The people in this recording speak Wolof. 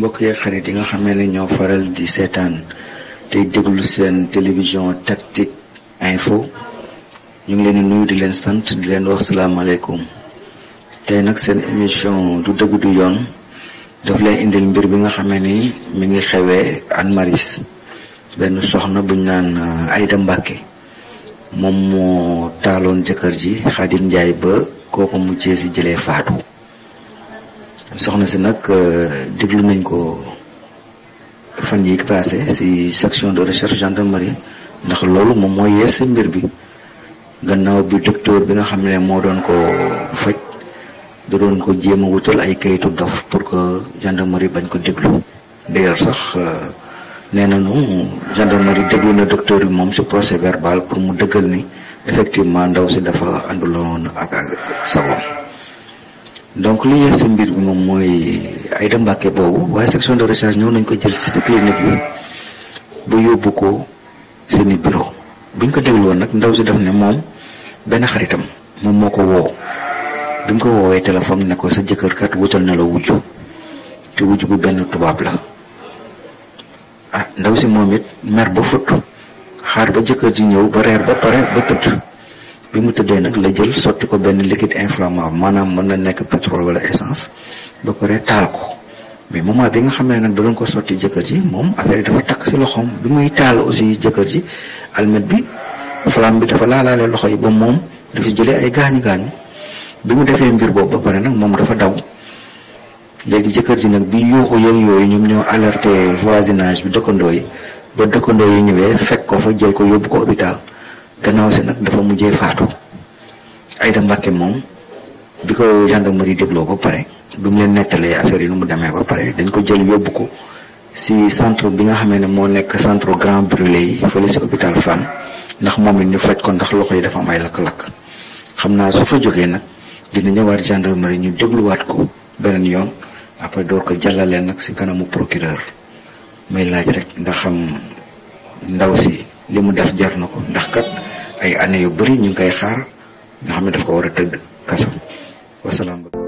mbokk yeeg xarit yi nga xamee ne ñoo faral di seetaan tey déglu seen télévision Tactic Info ñu ngi leen di nuyu di leen sant di leen wax salaamaaleykum tey nag seen émission du dëgg du yoon daf leen indil mbir bi nga xamee ni mi ngi xewee Hann Maristes benn soxna buñ naan euh, Aïda Mbacke moom moo taaloon jëkkër ji Khadim Ndiaye ba kooku mu ci si jëlee faatu soxna si nag euh, déglu nañ ko fan yi passé si section de recherche gendarmerie ndax loolu moom mooy yees si mbir bi gannaaw bi docteur bi nga xam ne moo doon ko faj da doon ko jéem a wutal ay kayitu dof pour que gendarmerie bañ ko déglu d'ailleurs sax euh, nee nañu gendarmerie déglu na docteur bi moom si procès verbal pour mu dëggal ni effectivement ndaw si dafa ànduloon ak ak sagoom donc li yees mbir bi moom mooy Aïda Mbacké boobu waaye section de recherche ñëw nañ ko jël ci sa clinique bi ba yóbbu ko seeni bureau buñ ko déglu nag ndaw si def ne moom benn xaritam moom moo ko woo bi mu ko woowee téléphone ne ko sa jëkkër kat wutal na la wujju te wujju bu benn tubaab la ah ndaw si moom it mer ba fëtt xaar ba jëkkër ji ñëw ba reer ba pare ba tëdd bi mu tëddee nag la jël sotti ko benn liquide inflammable maanaam mën na nekk pétrole wala essence ba pare taal ko mais moment bi nga xam ne nag da doon ko sotti jëkkër ji moom affaire yi dafa takk si loxoom bi muy taal aussi jëkkër ji almet bi flamme bi dafa laalaale loxo yi ba moom dafa jëlee ay gaañu gaañu bi mu defee mbir boobu ba pare nag moom dafa daw léegi jëkkër ji nag bi yuuxu yeeg yooyu ñu ñoo alerté voisinage bi dëkkandoo yi ba dëkkandoo yi ñëwee fekk ko fa jël ko yóbbu ko gannaaw si nag dafa mujjee faatu Aïda Mbacke moom bi ko gendarmerie dégloo ba pare bi mu leen nettalee affaire yi nu mu demee ba pare dañ ko jël yóbbu ko si centre bi nga xamee ne moo nekk centre Grand Brûlé yi fële si hôpital Fann ndax moom it ñu faj ko ndax loxo yi dafa am ay lakk-lakk xam naa su fa jógee nag dina ñëwaat gendarmerie ñu dégluwaat ko beneen yoon après door ko jàllaleen nag si kanamu procureur may laaj rek ndax xam ndaw si li mu def jar na ko ay année yu bëri ñu ngi koy xaar nga xam ne daf ko war a tëdd kaso wasalaam